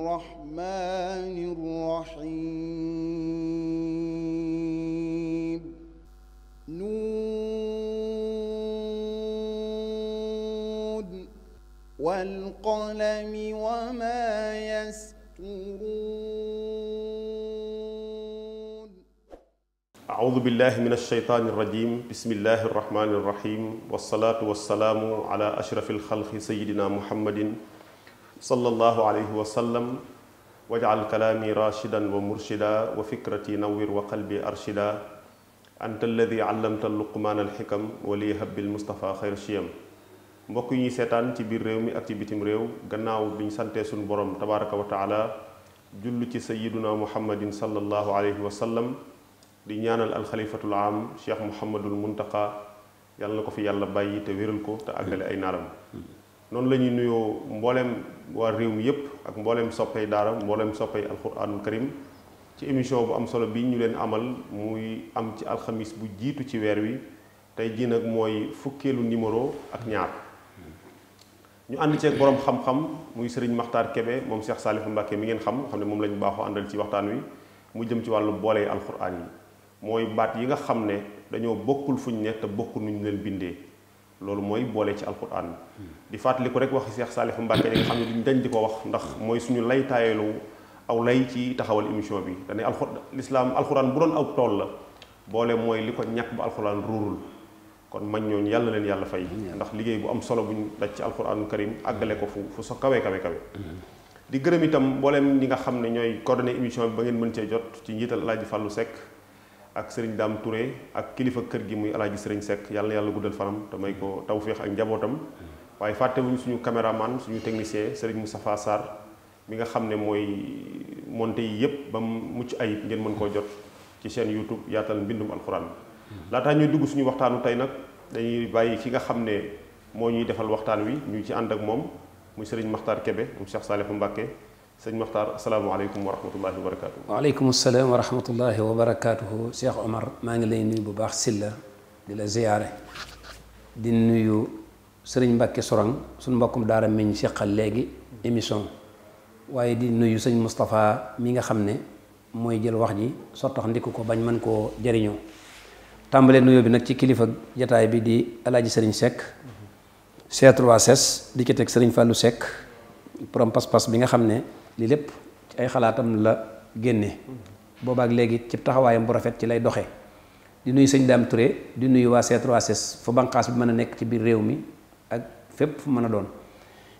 الرحمن الرحيم نون والقلم وما يسطرون أعوذ بالله من الشيطان الرجيم بسم الله الرحمن الرحيم والصلاة والسلام على أشرف الخلق سيدنا محمد sallallahu alayhi wa sallam wajal kalaami rashidan wa murshida wa fikrati nawwir wa qalbi arshida anta alladi allamta luqmaan alxikam wa li habbil mustafa xayr shiyam mbokk yi ñuy seetaan ci biir réew mi ak ci bitim réew gannaaw bi ñu santee suñu borom tabaraka wa taala jullu ci sayiduna muhammadin sallallahu alayhi wa sallam di ñaanal alxalifatul am cheikh muhammadul muntaqa yàlla na ko fi yàlla bàyyi te wéral ko te àggale ay naaram noonu la ñuy nuyoo mbooleem waa réew mi yëpp ak mbooleem soppay daara mbooleem soppay alxuraanul karim ci émission bu am solo bi ñu leen amal muy am ci alxamis bu jiitu ci weer wi tey jii nag mooy fukkeelu numéro ak ñaar ñu ànd ceeg borom xam-xam muy sëriñ Maxtaar Kebe moom seex Salif Mbacke mi ngeen xam xam ne moom la ñu baaxoo àndal ci waxtaan wi mu jëm ci wàllu boole alxuraan yi mooy baat yi nga xam ne dañoo bokkul fuñ ne te bokku nuñ leen bindee loolu mooy boolee ci alquran di fàttaliku rek waxi Seex Saalihu Mbàkke yi nga xam ne duñ dañ di ko wax ndax mooy suñu lay aw lay ci taxawal émission bi dañuy alxu lislaam alquran bu doon aw tool la boole mooy li ko ñàkk ba alquran ruurul kon mañ ñooñu yàlla leen yàlla fay ndax liggéey bu am solo buñ daj ci alquranul karim àggale ko fu fu so kawe kawe kawe di gërëm itam mbooleem ñi nga xam ne ñooy coordonné émission bi ba ngeen mën cee jot ci njiital Alaaji Fàllu Sekk ak sëriñ Dame Touré ak kilifa kër gi muy alaaji sëriñ Seck yàlla na yàlla guddal fanam te may ko tawféex ak njabootam waaye fàttewuñ suñu caméraman suñu technicien sëriñ Moustapha Sarr mi nga xam ne mooy monté yi yëpp ba mu mucc ayib ngeen mën koo jot ci chaîne YouTube yaatal mbindum alxuraan laataa ñuy dugg suñu waxtaanu tey nag dañuy bàyyi ki nga xam ne moo ñuy defal waxtaan wi ñu ci ànd ak moom muy sëriñ Makhtar Kébé mu Cheikh Salihou Mbacké sëñ Maxtaar asalaamaaleykum wa rahmatullahi wa barakaatu. salaam wa rahmatullahi wa barakaatu Cheikh Omar maa ngi lay nuyu bu baax Silla di la ziyaare di nuyu sëriñ Mbàkke Sorang suñ mbokkum daara mi ñu seqal léegi émission waaye di nuyu sëñ Moustapha mi nga xam ne mooy jël wax ji sottax ndikk ko bañ mën koo jëriñoo tàmbalee nuyoo bi nag ci kilifa jataay bi di alaaji sëriñ Seck C3S di ci teg sëriñ Fallou Seck borom pas-pas bi nga xam ne. lii lépp ci ay xalaatam la génne boobaak léegi ci taxawaayam bu rafet ci lay doxe di nuyu sëñ Dame Touré di nuyu waa c 3 fu banqaas bi mën a nekk ci biir réew mi ak fépp fu mën a doon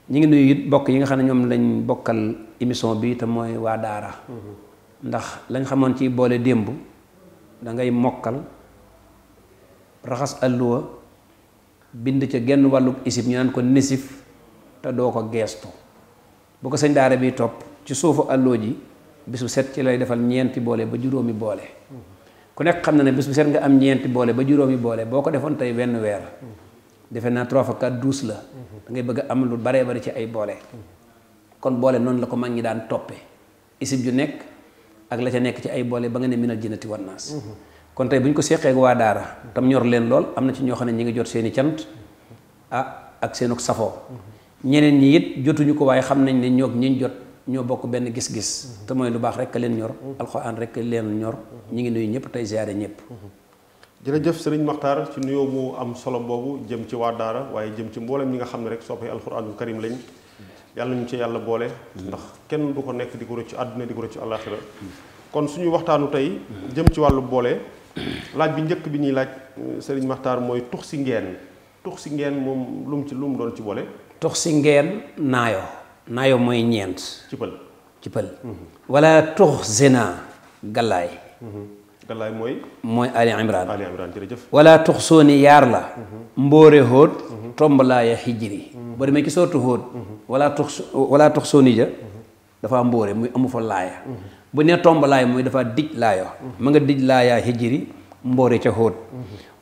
ñi ngi nuyu it bokk yi nga xam ne ñoom lañ bokkal émission bi te mooy waa daara ndax lañ xamoon ci boole démb dangay mokkal raxas alluwa bind ca genn wàllu isib ñu naan ko nisif te doo ko geestu bu ko sëñ daara bi topp ci suufu àlloo ji bisu set ci lay defal ñeenti boole ba juróomi boole ku nekk xam na ne bis bu set nga am ñeenti boole ba juróomi boole boo ko defoon tey wenn weer defe naa trois fois quatre la da ngay bëgg am lu baree bari ci ay boole kon boole noonu la ko mag ñi daan toppee isib ju nekk ak la ca nekk ci ay boole ba nga ne minal jinnati wan naas kon tey bu ñu ko seqee ak waa daara tam ñor leen lool am na ci ñoo xam ne ñu ngi jot seen i cant ah ak seenuk safoo ñeneen ñi it jotuñu ko waaye xam nañ ne ñoog ñiñ jot ñoo bokk benn gis-gis te mooy lu baax rek leen ñor alxuraan rek leen ñor ñi ngi nuyu ñëpp tey ziare ñëpp jërëjëf sëriñ Maxtaar ci nuyoo bu am solo boobu jëm ci waa daara waaye jëm ci mboolem ñi nga xam ne rek soppay alxuraanul karim lañ yàlla ñu ci yàlla boole ndax kenn du ko nekk di ko rëcc àdduna di ko rëcc àllaaxira kon suñu waxtaanu tey jëm ci wàllu boole laaj bi njëkk bi ñuy laaj sëriñ Maxtaar mooy tux si ngeen tux si ngeen moom lu mu ci lu mu doon ci boole tuxsi ngeen naayo naayo mooy ñeent ci pël ci pël wala tux zina gallaay gallaay mooy mooy ali imran ali imran wala tux sooni yaar la mbóore hóot tomblaaya xijiri boo demee ci sootu hóot wala tux ja dafa mbóore muy amu fa laaya bu ne tomblaay muy dafa dij laayo ma nga dij laaya xijiri mbóore ca hóot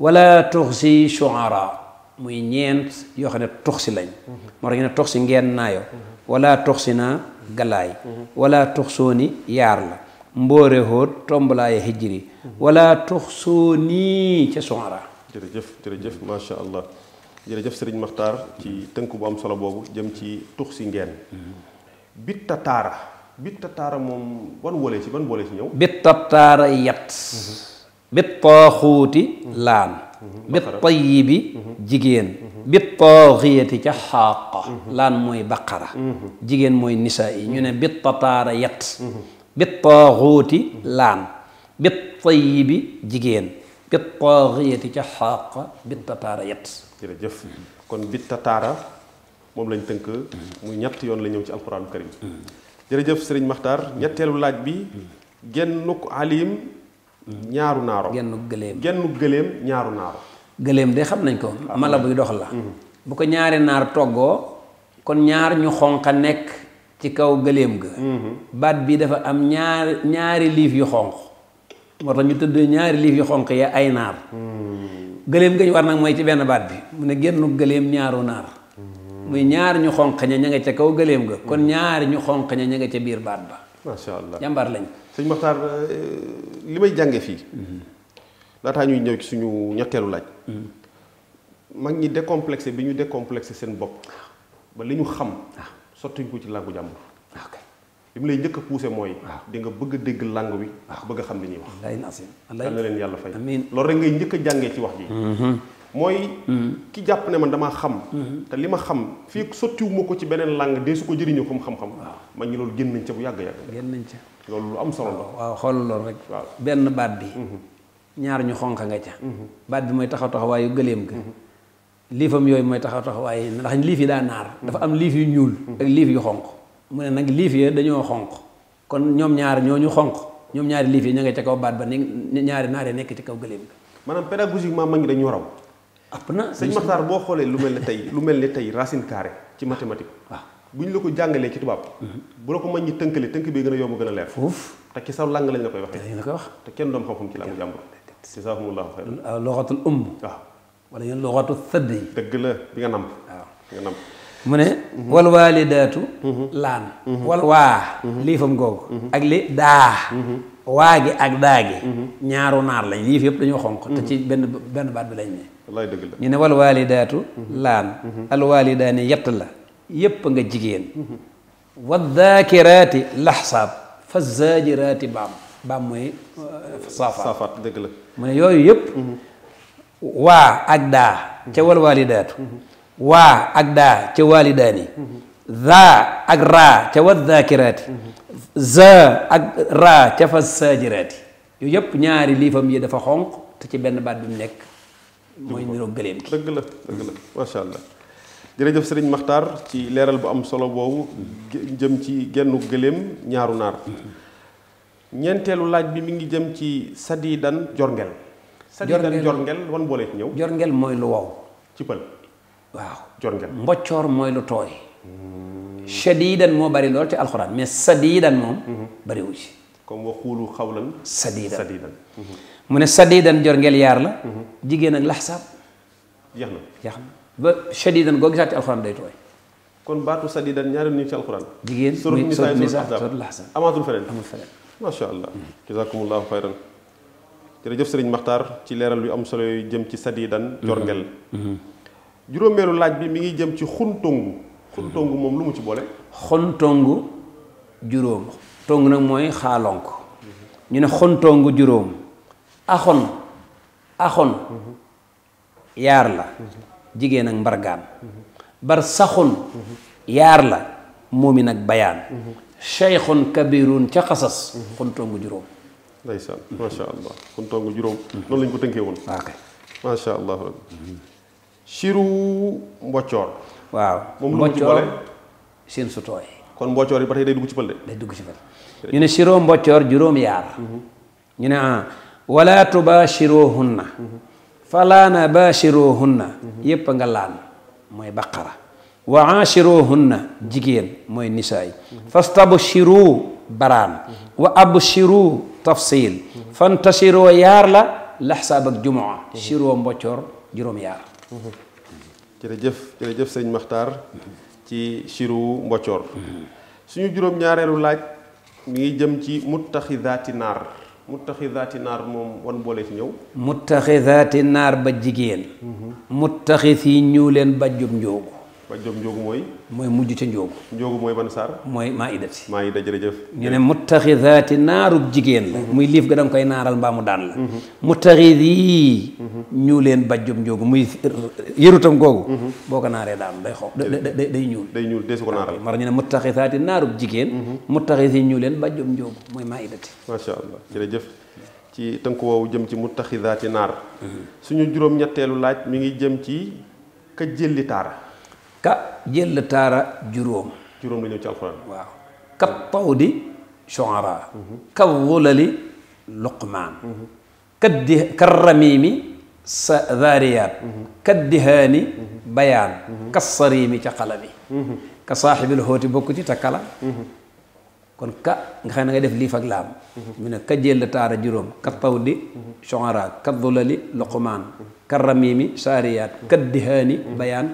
wala tux si muy ñeent yoo xam ne toxsi lañ moo tax ñu ne toxsi ngeen naayo wala toxsi naa galaay wala yaar la mboore hóot tombalaaye hijjiri wala toxsooni ca sonra jërëjëf jërëjëf macha allah jërëjëf sëriñ maxtaar ci tënk bu am solo boobu jëm ci tuxsi ngeen bitta taara bitta taara moom ban wole ci ban wole ci ñëw bitta taara yat mhm. bitta xuuti laan Mm-hmm. bi tayyibi mm-hmm. jigéen mm-hmm. bi taaxiyati ca xaaqa laan mooy baqara jigéen mooy nisaa yi ñu ne bi tataara yat bi taaxuuti laan bi tayyibi jigéen bi taaxiyati ca yat jërëjëf kon bi tataara moom lañ tënk mu ñett yoon la ñëw ci alquraanu karim jërëjëf sëriñ maxtaar ñetteelu laaj bi gennuk alim ñaaru naaro gennu gëléem gennu gëléem ñaaru naaro gëléem de xam nañ ko mala buy dox la mm-hmm. bu ko ñaari naar toggoo kon ñaar ñu xonq nekk ci kaw gëléem ga mm-hmm. baat bi dafa am ñaar ñaari liif yu xonq moo tax ñu tëdd ñaari liif yu xonq ya ay naar mm-hmm. gëléem gañ war nag mooy ci benn baat bi mu ne gennu gëléem ñaaru naar muy ñaar ñu xonq ña ña nga ca kaw gëléem ga kon ñaar ñu xonq ña ña nga ca biir baat ba macha allah jàmbaar lañ. sëñ Moxtaar euh, li may jànge fii. Mhm. laataa ñuy ñëw suñu ñetteelu laaj. Mhm. mag ñi décomplexé bi ñu décomplexé seen bopp. ba li ñu xam. Ah. sottuñ ko ci làngu jàmbur. li ah, mu lay njëkk a poussé mooy. Ah. di nga bëgg a dégg làng wi. bëgg xam li ñuy wax. alay na leen yàlla fay. loolu rek ngay njëkk a jàngee ci wax ji. Mhm. mooy. Hmm. ki jàpp ne man damaa xam. Hmm. te li ma xam fii sottiwu ko ci beneen langue dee su ko jëriñoo comme xam-xam. waaw man ñu loolu génn nañ ca bu yàgg yàgg. génn nañ ca loolu lu am solo la. loolu rek. waaw benn baat bi. Hmm. ñaar ñu xonq nga ca. baat bi mooy taxaw taxawaayu gëleem ga. liifam yooyu mooy taxaw taxawaayu ndax liif yi daa naar. dafa am liif yu ñuul. ak liif yu xonq. mu ne nag liif ya dañoo xonq. kon ñoom ñaari ñoo ñu xonq ñoom ñaari liif yi ña nga ca kaw baat ba ni ñaari naar nekk ci kaw gëleem ga. maanaam pédagogiquement ma ngi dañu raw ëpp na sëñ Maxtaar boo xoolee lu mel ne tey lu mel ne tey racine carrée ci mathématique waaw ah. bu ñu la ko jàngalee ci tubaab mhm. bu la ko mañ ñi tënkalee tënk bi gën a gën a leer foof te ci saw làng lañ la koy waxee la koy wax te kenn doom xam-xam ci làngu jàmbur jazaakumullaahu xayran ah, loxatul umm waaw wala yéen loxatu sëdd yi dëgg la bi nga namp waaw bi nga namp mu ne mhm. wal waalidaatu mhm. laan wal waa lii fam googu ak li daa waa gi ak daa gi ñaaru naar lañ lii fi yëpp dañoo xonq te ci benn benn baat bi lañ wallaay ñu ne wal waalidaatu laan al waalidaani yett la yépp nga jigéen wa daakiraati laxsaab fa zaajiraati baam baam mooy euh, saafaat saafaat la mu yooyu yépp waa ak daa ca wal waalidaatu waa ak daa ca waalidaani zaa ak raa ca wa daakiraati za ak raa ca fa yooyu yépp ñaari liifam yi dafa xonq te ci benn baat bi mu nekk mooy niroog gëléem gi dëgg la dëgg la macha allah. jërëjëf sëriñ Maxtaar ci leeral bu am solo boobu jëm ci gennu gëléem ñaaru naar ñeenteelu laaj bi mi ngi jëm ci sadidan jorngel sadidan jorngel wan boolee ci ñëw jorngel mooy lu wow ci pël waaw jorngel mboccoor mooy lu tooy sadidan moo bari lool ci alxuraan mais sadidan moom mm-hmm. bariwu ci comme waxuulu xawlan sadidan sadidan mm-hmm. mu ne sadiidan jor ngeel yaar la mhm. jigéen ak laxsaab jeex na jeex na ba sadiidan goo ci alxuraan day tooy kon baatu sadiidan ñaari nit ci alxuraan jigéen muy sootu nisaa sootu laxsaab amaatul feneen amul feneen macha allah jazakumullahu xayran jërëjëf sëriñ maxtaar ci leeral yu am solo yu jëm ci sadiidan jor mhm. ngeel mhm. juróomeelu laaj bi mi ngi jëm ci xuntongu xuntongu moom lu mu ci boole xuntongu juróom tong nag mooy xaalonk ñu ne xuntongu juróom axon axon yaar la jigéen ak mbargaan bar saxun yaar la moomi nag bayaan cheykhun kabirun ca xasas xuntongu juróom ndeysaan macha noonu lañ ko tënkee woon ok macha allah shiru mboccoor waaw mboccoor sin su tooy kon mboccoor yi ba tey day dugg ci pël de ñu ne shiroo mboccoor juróom yaar ñu ne ah wala tubaashiruhunna falaana baashiruhunna yépp nga laan mooy baqara wa aashiruhunna jigéen mooy nisaa yi fastabshiru baraan wa abshiru tafsil fantashiroo yaar la laxsaab ak jumaa shiroo mboccoor juróom yaar jërëjëf ci shiru mboccoor suñu juróom ñaareelu laaj mi ngi jëm ci muttaxidaati naar muttaxidaati naar moom wan boole ci ñëw muttaxidaati naar ba jigéen mhm. muttaxis yi ñëw leen ba jub njoogu ba jom njóogu mooy mooy mujj ca njóogu njóogu mooy ban saar mooy maa idati maa ida jërëjëf ñu ne muttaxidaati naarub jigéen la mhm. muy liif ga da nga koy naaral mbaa mu daan la mhm. muttaxid yi mhm. ñu leen ba jom njóogu muy boo ko naaree daanu day xoo day day ñuul deesu ko naaral mar ñu ne muttaxidaati naarub jigéen muttaxid yi ñu leen ba jom njóogu mooy maa idati macha allah jërëjëf ci tënku woowu jëm ci muttaxidaati naar suñu juróom-ñetteelu laaj mi ngi jëm ci ka jëlli taara ka jël taara juróom. la ñëw ci alxuraan. waaw ka taw di shuara. Mhm. ka wulali luqmaan. Mhm. ka di ka ramiimi sa zaariyaat. Mhm. ka dihaani bayaan. ka sariimi ca xalami. ka saaxibil hooti bokk ci takkala. kon ka nga xam ne nga def lii fag laam mu ne ka jël taara juróom ka taw di shuara ka dulali luqmaan ka ramiimi saariyaat ka dihaani bayaan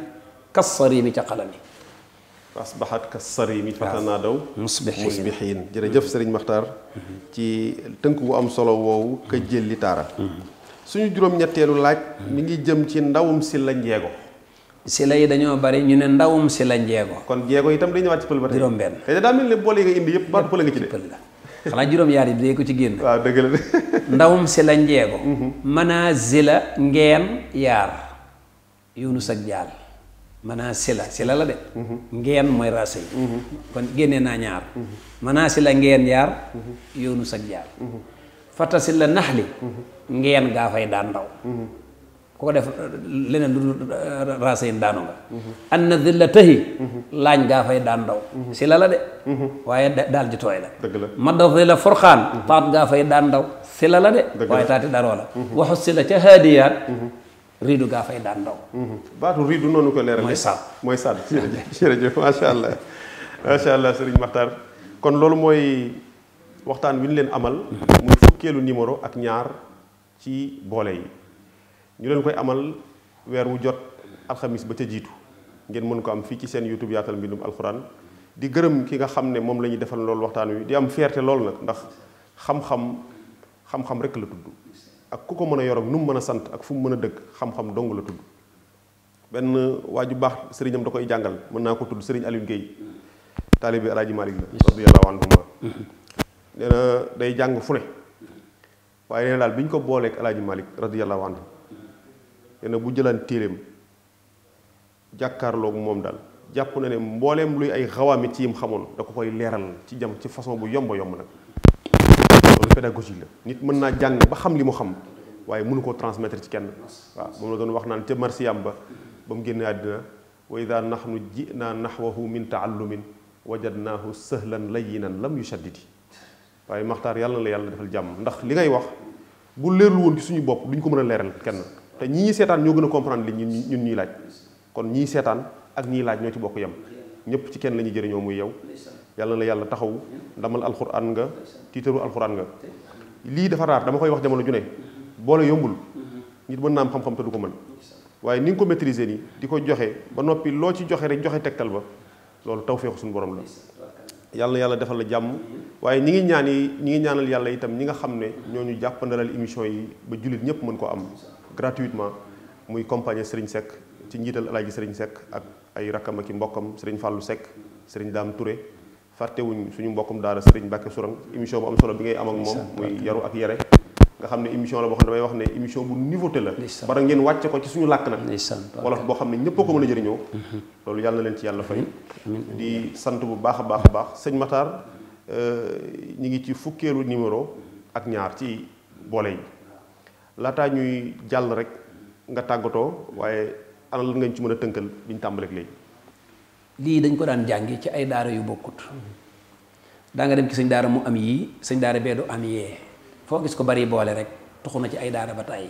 kasarimi ca xalam yi asbaxat kasarimi fatanaadaw musbixiin jërëjëf sëriñ Maxtaar ci tënk bu am solo woowu ka jëlli taara suñu juróom-ñetteelu laaj mu ngi jëm ci ndawum si la njeego si la yi dañoo bari ñu ne ndawum si la njeego kon jeego itam dañu ñëwaat ci pël ba tey juróom benn xëy na daa mel ne boole yi nga indi yëpp baatu pël nga ci de pël la xanaa juróom-yaar yi dee ko ci génn waaw dëgg la ndawum si la njeego mhm. manaa zila ngeen yaar yunus ak jaal manaa sila sila la de mhm. ngeen mooy rase yi mhm. kon génnee naa ñaar mhm. manaa sila ngeen yaar yoonu sag jaar fata sila la naxli ngeen gaa fay daan ndaw ku ko def leneen du dul rase yi daanu na di la tëhi laañ gaa fay daan ndaw sila la de waaye daal ji tooy la ma daw di la forxaan taat gaa daan ndaw sila la de waaye taati daroo la waxu sila ca haadiyaat riidu gaa fay daan ndaw. Mhm. baatu riidu noonu ko leeral. mooy sàll mooy sàll jërëjëf jërëjëf macha allah macha allah Serigne Makhtar kon loolu mooy waxtaan wi ñu leen amal. Mhm. muy fukkeelu numéro ak ñaar ci boole yi ñu leen koy amal weer wu jot alxamis ba ca jiitu ngeen mën ko am fii ci seen YouTube yaatal mbindum alxuraan di gërëm ki nga xam ne moom la ñuy defal loolu waxtaan wi di am fierté loolu nag ndax xam-xam xam-xam rek la tudd. ak ku ko mën a yor ak nu mu mën a sant ak fu mu mën a dëkk xam-xam dong la tudd benn waa ju baax sëriñam da koy jàngal mën naa ko tudd sëriñ Aliou Guèye taalibi alaaji malik la radiyallahu anhuma nee na day jàng fu waaye daal bi ko booleeg alaaji Malick radiyallahu anhu nee na bu jëlaan téeléem jàkkaarloog moom daal jàpp na ne mbooleem luy ay xawaami ci yim xamoon da ko koy leeral ci jam ci façon bu yomb yomb nag pédagogique la nit mën naa jàng ba xam li mu xam waaye mënu koo transmettre ci kenn waaw moom la doon wax naan ca marsiyam ba ba mu génne àddina wa ida nahnu jinaa nahwahu min taallumin wajadnaahu sëhlan layinan lam yusaddidi waaye maxtaar yàlla na la yàlla defal jàmm ndax li ngay wax bu leerlu woon ci suñu bopp duñ ko mën a leeral kenn te ñii ñuy seetaan ñoo gën a comprendre li ñun ñuy laaj kon ñii seetaan ak ñii laaj ñoo ci bokk yam ñëpp ci kenn la ñuy jëriñoo muy yow yàlla na yàlla taxaw ndamal alxuraan nga tiitaru alxuraan nga lii dafa raar dama koy wax jamono ju ne boole yombul nit mën naa am xam-xam te du ko mën waaye ni nga ko maîtriser nii di ko joxe ba noppi loo ci joxe rek joxe tegtal ba loolu tawféexu suñu borom la yàlla yàlla defal la jàmm waaye ñi ngi ñaan yi ñi ngi ñaanal yàlla itam ñi nga xam ne ñoo ñu jàppandalal émission yi ba jullit ñëpp mën ko am gratuitement muy compagnie Serigne sekk ci njiital alaaji Serigne Seck ak ay rakkam ak i mbokkam Serigne Fallou Seck Serigne Dame Touré fàttewuñ suñu mbokkum daara sëriñ Mbàkke Sourang émission bu am solo bi ngay am ak moom muy yaru ak yare nga xam ne émission la boo xam ne damay wax ne émission bu nouveauté la bara ngeen wàcce ko ci suñu làkk nag wolof boo xam ne ñëpp ko mën a jëriñoo mhm. loolu yàlla na leen ci yàlla fay di sant bu baax a baax a baax sëñ Matar euh, ñi ngi ci fukkeelu numéro ak ñaar ci boole yi laataa ñuy jàll rek nga tàggatoo waaye ana nga ñu ci mën a tënkal biñ tàmbaleeg léegi lii dañ ko daan jàngi ci ay daara yu bokkut daa nga dem ci sëñ daara mu am yii sëñ daara bee du am yee foo gis ko bari boole rek tuxu na ci ay daara ba tàyyi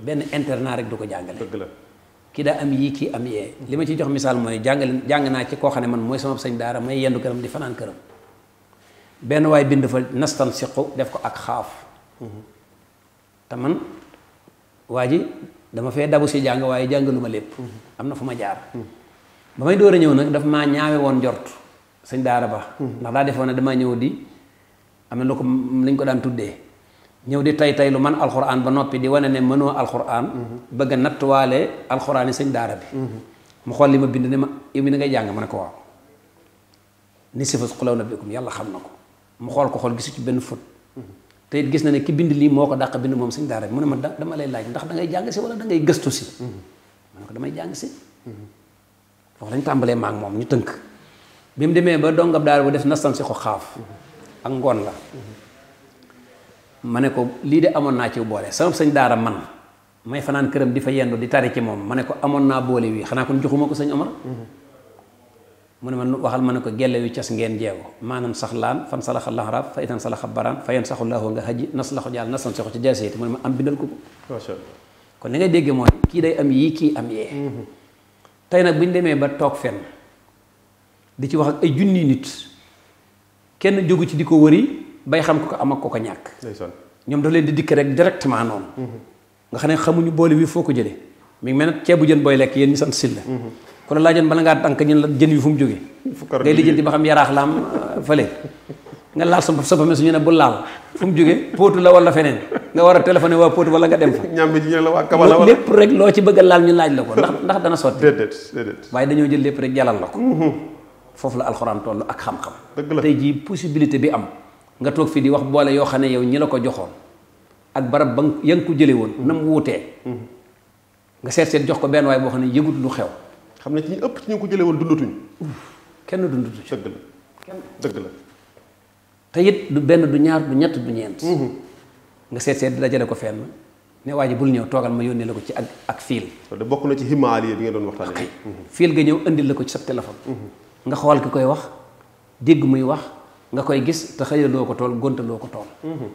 benn internat rek du ko jàngale kii daa am yii kii am yee li ma ci jox misaal mooy jàngale jàng naa ci koo xam ne man mooy sama sëñ daara mooy yendu këram di fanaan këram benn waay bind fa nastan siqu def ko ak xaaf te man waa ji dama fee dabu si jàng waaye jàngalu ma lépp mhm. am na fu ma jaar mhm. ba may door a ñëw nag daf maa ñaawe woon njort sëñ daara ba mm-hmm. ndax daa defoon ne dama ñëw di am na lu ko lañ ko daan tuddee ñëw di tay tay lu man alxuraan ba noppi di wane ne mënoo alxuraan mm-hmm. bëgg a nattuwaale alxuraan yi sëñ daara bi mm-hmm. mu xool li ma bind ne ma yow mi da ngay jàng ma ne ko waaw ni sifas xulaw na bikum yàlla xam na ko mu xool ko xool gisu ci benn fóot te gis na ne ki bind lii moo ko dàq bind moom sëñ daara bi mu ne ma dama lay laaj ndax da ngay jàng si wala da si ma damay jàng si wax dañ tàmbalee maak moom ñu tënk bi mu demee ba dongab daara bu def nastan si ko xaaf ak ngoon la ma ne ko lii de amoon naa ci boole sama sañ daara man may fanaan këram di fa yendu di tari ci moom ma ne ko amoon naa boole wi xanaa kon joxuma ko sëñ Omar mu ne ma waxal ma ne ko gelle wi cas ngeen jeego maanaam sax laan fan salaxa laxaraab fa itan salaxa baraan fa yen saxu laxoo nga xaji nas laxo jaal nas saxo ci jaasiyati mu ne ma am mooy kii am yii kii am tey nag bi ñu demee ba toog fen di ci wax ak ay junni nit kenn jógu ci di ko wëri bay xam ko ko am ak ko ko ñàkk. ñoom daf leen di dikk rek directement noonu. Mm-hmm. nga xam ne xamuñu boole wi foo ko jëlee mi ngi mel ne ceebu jën booy lekk yéen ñu sant si la. Mm-hmm. kon laajoon bala ngaa tànk ñun la jën wi fu mu jógee. ngay lijjanti ba xam yaraax la am uh, fële nga laal sa sa bopp su ñu ne bu laal fu mu jógee pootu la wala feneen. nga war a téléphoné waa Pout wala nga dem fa. ñam bi ji lépp rek loo ci bëgg a laal ñu laaj la ko ndax ndax dana sotti. déedéet waaye dañoo jël lépp rek jalal la ko. Mhm. foofu la alxuraan toll ak xam-xam. dëgg la tey jii possibilité bi am nga toog fii di wax boole yoo xam ne yow ñi la ko joxoon ak barab ba ya nga jëlee woon. na mu wutee. Mhm. nga seet jox ko benn waay boo xam ne yëgut lu xew. xam ne ci ëpp ci ko jëlee woon dundatuñ. kenn dundatuñ. dëgg la dëgg la. te du benn du ñaar du ñett du ñeent. Mhm. nga seet seet dajale ko fenn ne waaj bul ñëw toogal ma yónnee la ko ci ak ak fiil. loolu bokk na ci himaali bi nga doon waxtaanee. fiil ga ñëw indil la ko ci sa téléphone. Mhm. nga xool ki koy wax dégg muy wax nga koy gis te xëyaloo ko tool gontaloo ko tool. Mhm.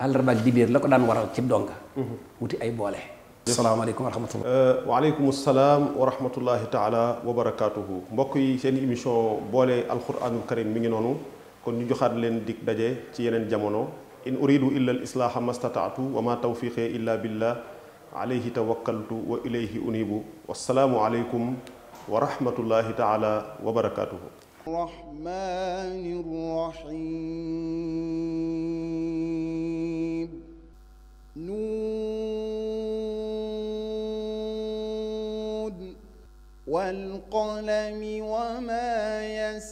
àllarba ak dibeer la ko daan waral ci donga mhm. wuti ay boole. asalaamaaleykum wa rahmatullah euh, waaleykum salaam wa rahmatullahi taala wa mbokk yi seen émission boole alquranul karim mi ngi noonu kon ñu joxaat leen dig daje ci yeneen jamono. in uridu illa al islaaha mastataatu wa ma tawfiqee illa billah alayhi tawakkaltu wa ilayhi unibu wassalaamu aleykum wa rahmatullahi taala wa barakatuhu rahmaani rahiim nuun wal qalami wa maa yas